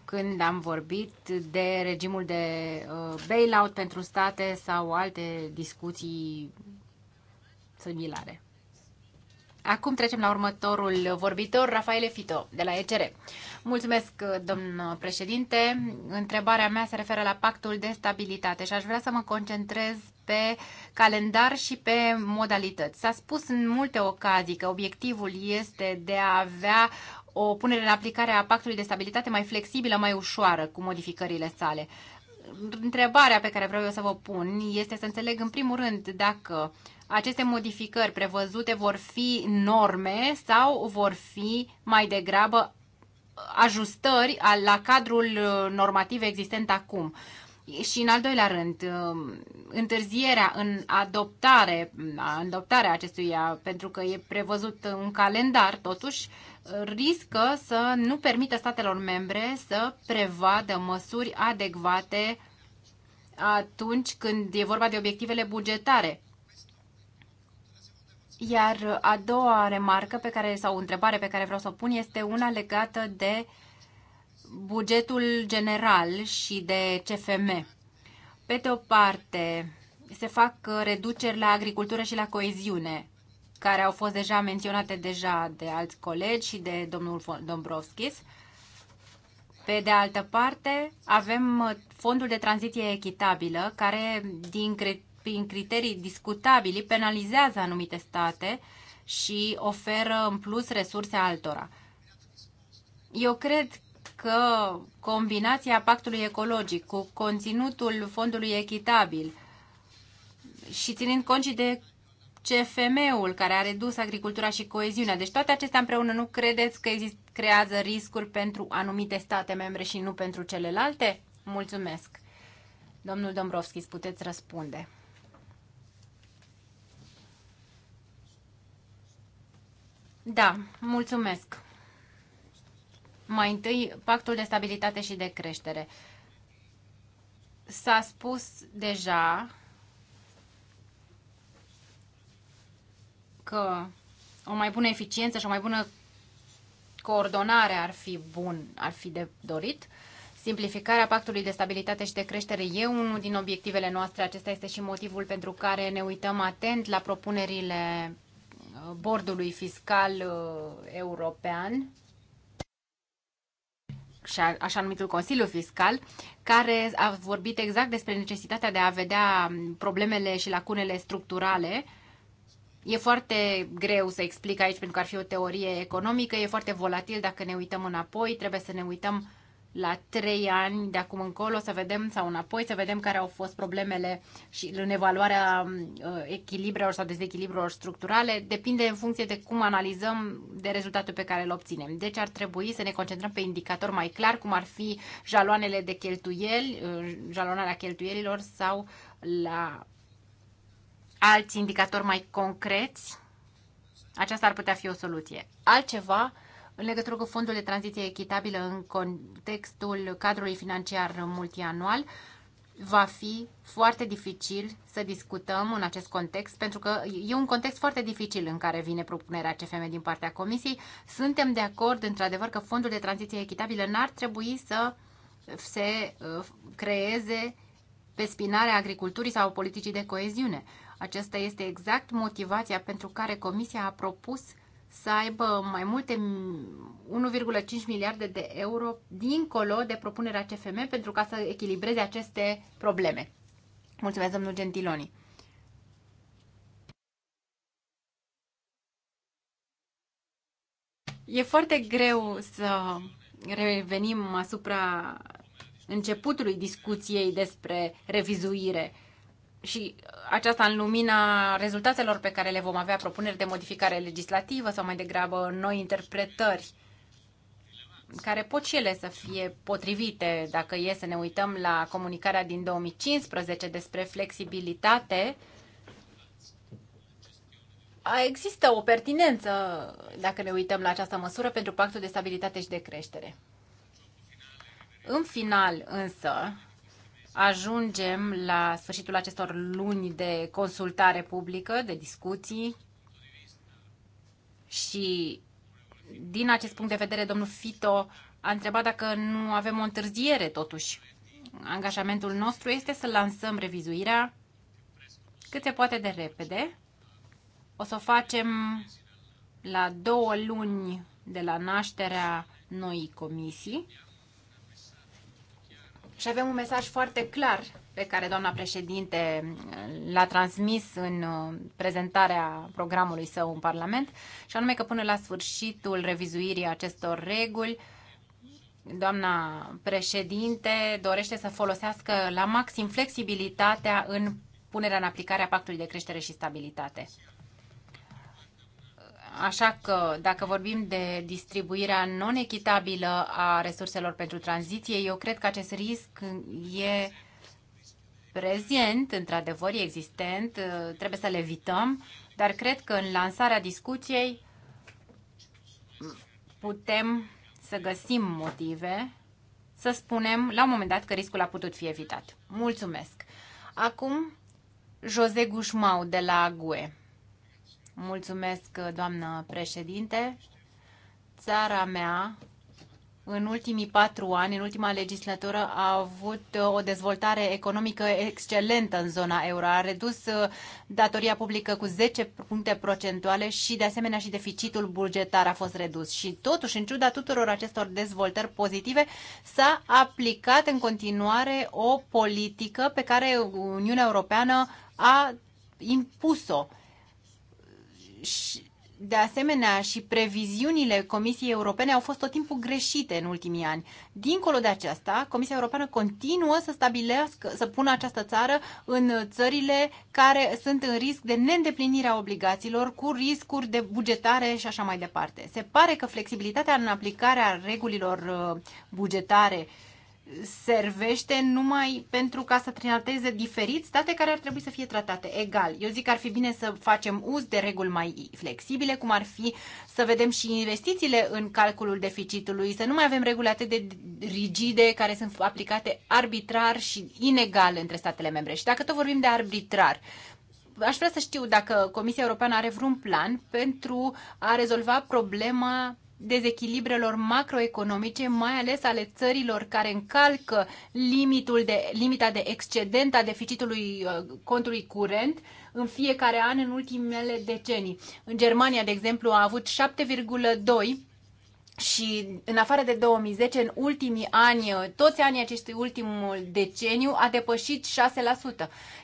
când am vorbit de regimul de uh, bailout pentru state sau alte discuții similare. Acum trecem la următorul vorbitor, Rafaele Fito, de la ECR. Mulțumesc, domn președinte. Întrebarea mea se referă la pactul de stabilitate și aș vrea să mă concentrez pe calendar și pe modalități. S-a spus în multe ocazii că obiectivul este de a avea o punere în aplicare a pactului de stabilitate mai flexibilă, mai ușoară cu modificările sale. Întrebarea pe care vreau eu să vă pun este să înțeleg în primul rând dacă uh, aceste modificări prevăzute vor fi norme sau vor fi mai degrabă ajustări la cadrul uh, normativ existent acum. Și în al doilea rând, um, întârzierea în adoptare, adoptarea acestuia, pentru că e prevăzut un calendar, totuși, riscă să nu permită statelor membre să prevadă măsuri adecvate atunci când e vorba de obiectivele bugetare. Iar a doua remarcă pe care, sau întrebare pe care vreau să o pun este una legată de bugetul general și de CFM. Pe de o parte, se fac uh, reduceri la agricultură și la coeziune, care au fost deja menționate deja de alți colegi și de domnul Dombrovskis. Pe de altă parte, avem uh, fondul de tranziție echitabilă, care din prin criterii discutabili, penalizează anumite state și oferă în plus resurse altora. Eu cred că combinația pactului ecologic cu conținutul fondului echitabil și ținând cont și de CFM-ul care a redus agricultura și coeziunea, deci toate acestea împreună nu credeți că exist, creează riscuri pentru anumite state membre și nu pentru celelalte? Mulțumesc! Domnul Dombrovskis, puteți răspunde. Da, mulțumesc. Mai întâi, pactul de stabilitate și de creștere. S-a spus deja că o mai bună eficiență și o mai bună coordonare ar fi bun, ar fi de dorit. Simplificarea pactului de stabilitate și de creștere e unul din obiectivele noastre. Acesta este și motivul pentru care ne uităm atent la propunerile bordului fiscal uh, european și așa numitul Consiliu Fiscal, care a vorbit exact despre necesitatea de a vedea problemele și lacunele structurale. E foarte greu să explic aici pentru că ar fi o teorie economică, e foarte volatil dacă ne uităm înapoi, trebuie să ne uităm la trei ani de acum încolo, să vedem sau înapoi, să vedem care au fost problemele și în evaluarea um, uh, echilibrelor sau dezechilibrelor structurale. Depinde în funcție de cum analizăm de rezultatul pe care îl obținem. Deci ar trebui să ne concentrăm pe indicatori mai clar, cum ar fi jaloanele de cheltuieli, uh, jalonarea cheltuielilor sau la alți indicatori mai concreți. Aceasta ar putea fi o soluție. Altceva în legătură cu fondul de tranziție echitabilă în contextul cadrului financiar multianual, va fi foarte dificil să discutăm în acest context, pentru că e un context foarte dificil în care vine propunerea CFM din partea Comisiei. Suntem de acord, într-adevăr, că fondul de tranziție echitabilă n-ar trebui să se uh, creeze pe spinarea agriculturii sau politicii de coeziune. Aceasta este exact motivația pentru care Comisia a propus să aibă mai multe 1,5 miliarde de euro dincolo de propunerea CFM pentru ca să echilibreze aceste probleme. Mulțumesc, domnul Gentiloni. E foarte greu să revenim asupra începutului discuției despre revizuire și uh, aceasta în lumina rezultatelor pe care le vom avea propuneri de modificare legislativă sau mai degrabă noi interpretări care pot și ele să fie potrivite dacă e să ne uităm la comunicarea din 2015 despre flexibilitate există o pertinență dacă ne uităm la această măsură pentru pactul de stabilitate și de creștere. În final, însă, ajungem la sfârșitul acestor luni de consultare publică, de discuții și din acest punct de vedere, domnul Fito a întrebat dacă nu avem o întârziere totuși. Angajamentul nostru este să lansăm revizuirea cât se poate de repede. O să o facem la două luni de la nașterea noii comisii și avem un mesaj foarte clar pe care doamna președinte l-a transmis în uh, prezentarea programului său în Parlament, și anume că până la sfârșitul revizuirii acestor reguli, doamna președinte dorește să folosească la maxim flexibilitatea în punerea în aplicare a Pactului de Creștere și Stabilitate. Așa că, dacă vorbim de distribuirea non-echitabilă a resurselor pentru tranziție, eu cred că acest risc e prezent, într-adevăr, e existent, trebuie să le evităm, dar cred că în lansarea discuției putem să găsim motive să spunem la un moment dat că riscul a putut fi evitat. Mulțumesc! Acum, Jose Gușmau de la GUE. Mulțumesc, doamnă președinte. Țara mea, în ultimii patru ani, în ultima legislatură, a avut o dezvoltare economică excelentă în zona euro. A redus uh, datoria publică cu 10 puncte procentuale și, de asemenea, și deficitul bugetar a fost redus. Și, totuși, în ciuda tuturor acestor dezvoltări pozitive, s-a aplicat în continuare o politică pe care Uniunea Europeană a impus-o și, de asemenea, și previziunile Comisiei Europene au fost tot timpul greșite în ultimii ani. Dincolo de aceasta, Comisia Europeană continuă să stabilească, să pună această țară în țările care sunt în risc de neîndeplinirea obligațiilor, cu riscuri de bugetare și așa mai departe. Se pare că flexibilitatea în aplicarea regulilor uh, bugetare uh, servește numai pentru ca să trateze diferit state care ar trebui să fie tratate egal. Eu zic că ar fi bine să facem uz de reguli mai flexibile, cum ar fi să vedem și investițiile în calculul deficitului, să nu mai avem reguli atât de rigide care sunt aplicate arbitrar și inegal între statele membre. Și dacă tot vorbim de arbitrar, aș vrea să știu dacă Comisia Europeană are vreun plan pentru a rezolva problema dezechilibrelor macroeconomice, mai ales ale țărilor care încalcă limitul de, limita de excedent a deficitului uh, contului curent în fiecare an în ultimele decenii. În Germania, de exemplu, a avut 7,2 și în afară de 2010, în ultimii ani, toți anii acestui ultimul deceniu, a depășit 6%,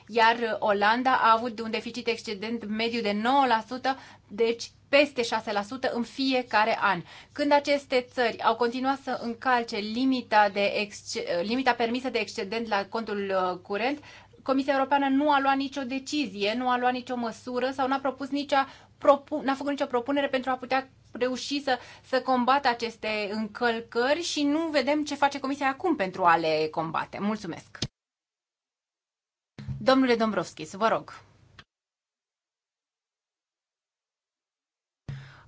iar Olanda a avut un deficit excedent mediu de 9%, deci peste 6% în fiecare an. Când aceste țări au continuat să încalce limita, de exce- limita permisă de excedent la contul uh, curent, Comisia Europeană nu a luat nicio decizie, nu a luat nicio măsură sau n-a propus nicio n-a făcut nicio propunere pentru a putea reuși să, să combată aceste încălcări și nu vedem ce face Comisia acum pentru a le combate. Mulțumesc! Domnule Dombrovskis, vă rog.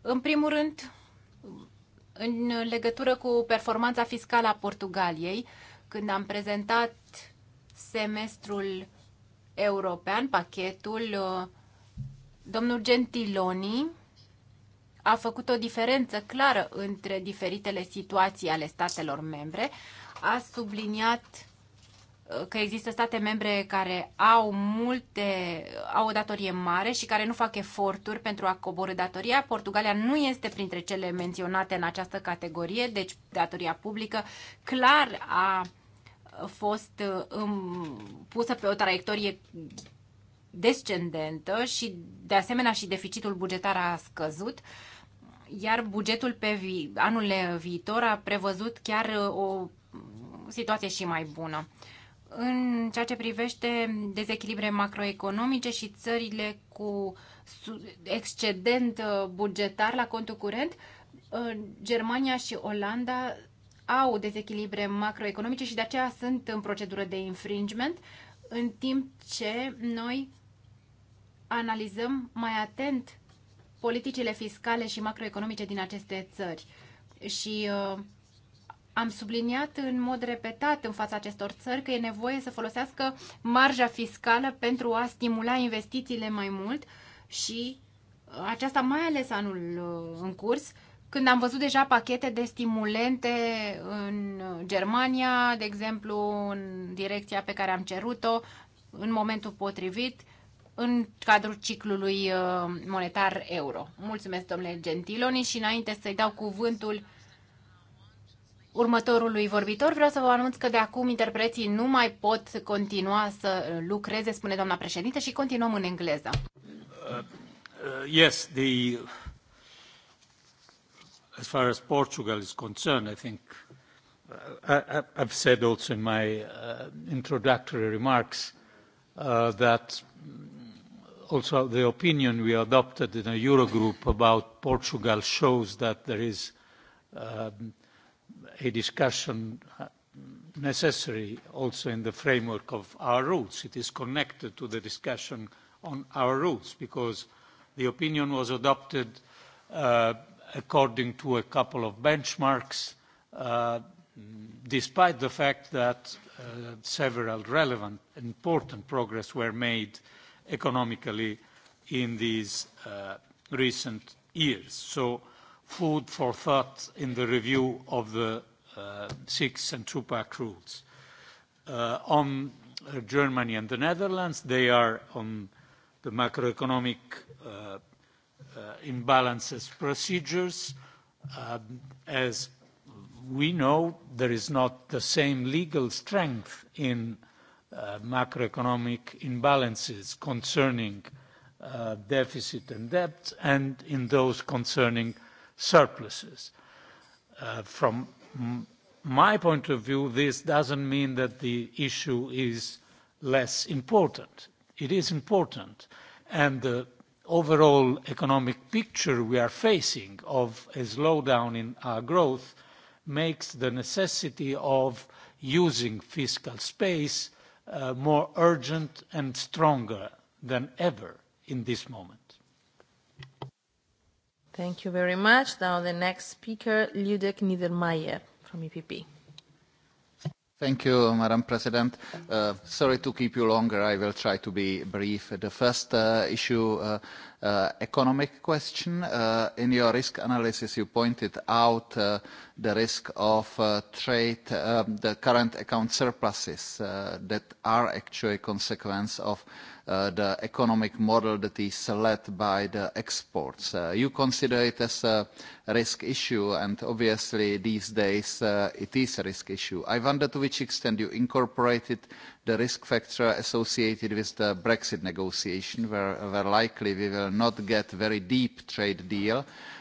În primul rând, în legătură cu performanța fiscală a Portugaliei, când am prezentat semestrul european, pachetul uh, Domnul Gentiloni a făcut o diferență clară între diferitele situații ale statelor membre. A subliniat uh, că există state membre care au multe, au o datorie mare și care nu fac eforturi pentru a coborâ datoria. Portugalia nu este printre cele menționate în această categorie, deci datoria publică clar a fost uh, pusă pe o traiectorie descendentă și, de asemenea, și deficitul bugetar a scăzut, iar bugetul pe vi- anul viitor a prevăzut chiar uh, o situație și mai bună. În ceea ce privește dezechilibre macroeconomice și țările cu excedent uh, bugetar la contul curent, uh, Germania și Olanda au dezechilibre macroeconomice și de aceea sunt în procedură de infringement, în timp ce noi analizăm mai atent politicile fiscale și macroeconomice din aceste țări. Și uh, am subliniat în mod repetat în fața acestor țări că e nevoie să folosească marja fiscală pentru a stimula investițiile mai mult și uh, aceasta mai ales anul uh, în curs, când am văzut deja pachete de stimulente în uh, Germania, de exemplu, în direcția pe care am cerut-o, în momentul potrivit, în cadrul ciclului uh, monetar euro. Mulțumesc, domnule Gentiloni, și înainte să-i dau cuvântul următorului vorbitor, vreau să vă anunț că de acum interpreții nu mai pot continua să lucreze, spune doamna președinte, și continuăm în engleză. Uh, uh, yes, the, as far as Portugal is concerned, I think uh, I, I've said also in my uh, introductory remarks uh, that also the opinion we adopted in a Eurogroup about Portugal shows that there is um, a discussion uh, necessary also in the framework of our rules. It is connected to the discussion on our rules because the opinion was adopted uh, according to a couple of benchmarks uh, despite the fact that uh, several relevant important progress were made uh, economically in these uh, recent years. So food for thought in the review of the uh, six and two-pack rules. Uh, on uh, Germany and the Netherlands, they are on the macroeconomic uh, uh, imbalances procedures. Um, as we know, there is not the same legal strength in Uh, macroeconomic imbalances concerning uh, deficit and debt and in those concerning surpluses. Uh, from my point of view, this doesn't mean that the issue is less important. It is important. And the overall economic picture we are facing of a slowdown in our growth makes the necessity of using fiscal space uh, more urgent and stronger than ever in this moment. Thank you very much. Now the next speaker, Ludek Niedermayer from EPP. Thank you, Madam President. Uh, sorry to keep you longer. I will try to be brief. The first uh, issue uh, uh, economic question. Uh, in your risk analysis, you pointed out uh, the risk of uh, trade, um, the current account surpluses uh, that are actually a consequence of uh, the economic model that is led by the exports. Uh, you consider it as a risk issue, and obviously these days uh, it is a risk issue. I wonder to which extent you incorporated the risk factor associated with the Brexit negotiation, where, where likely we will not get a very deep trade deal,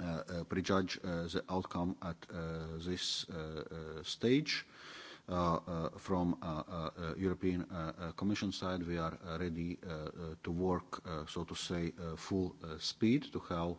Uh, uh, prejudge uh, the outcome at uh, this uh, uh, stage. Uh, uh, from uh, uh, uh European uh, uh, Commission side, we are uh, ready uh, uh, to work, uh, so to say, uh, full uh, speed to help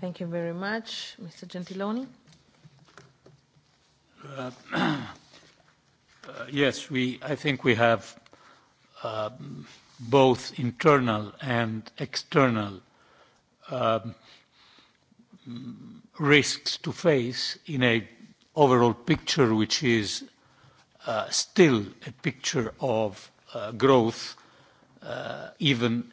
Thank you very much. Mr. Gentiloni? Uh, uh, yes, we, I think we have uh, both internal and external um, risks to face in a overall picture which is uh, still a picture of uh, growth even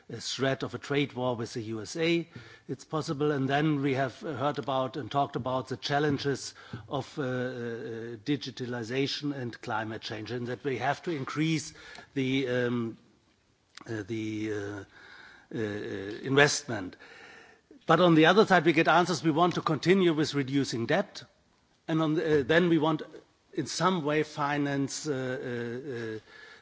threat of a trade war with the USA. It's possible. And then we have uh, heard about and talked about the challenges of uh, uh, digitalization and climate change, and that we have to increase the, um, uh, the uh, uh, investment. But on the other side, we get answers. We want to continue with reducing debt, and on the, then we want, in some way, finance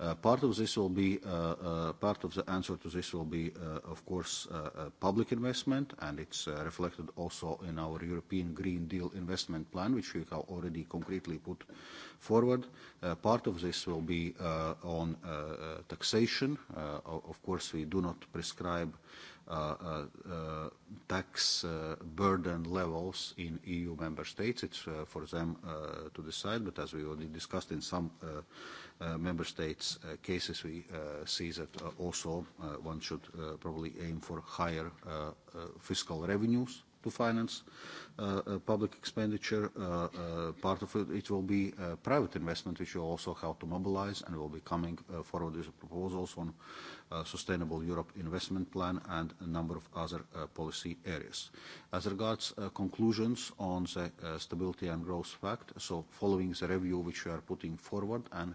Uh, part of this will be, uh, uh, part of the answer to this will be, uh, of course, uh, uh, public investment, and it's uh, reflected also in our European Green Deal investment plan, which we have already concretely put forward. Uh, part of this will be uh, on uh, uh, taxation. Uh, of course, we do not prescribe Uh, uh, uh tax uh, burden levels in EU member states. It's uh, for them uh, to decide, but as we already discussed in some uh, Uh, member states' uh, cases, we uh, see that uh, also uh, one should uh, probably aim for higher uh, uh, fiscal revenues to finance uh, uh, public expenditure. Uh, uh, part of it, it will be uh, private investment, which will also how to mobilize, and will be coming uh, forward with proposals on uh, Sustainable Europe Investment Plan and a number of other uh, policy areas. As regards uh, conclusions on the uh, Stability and Growth Pact, so following the review which we are putting forward and uh,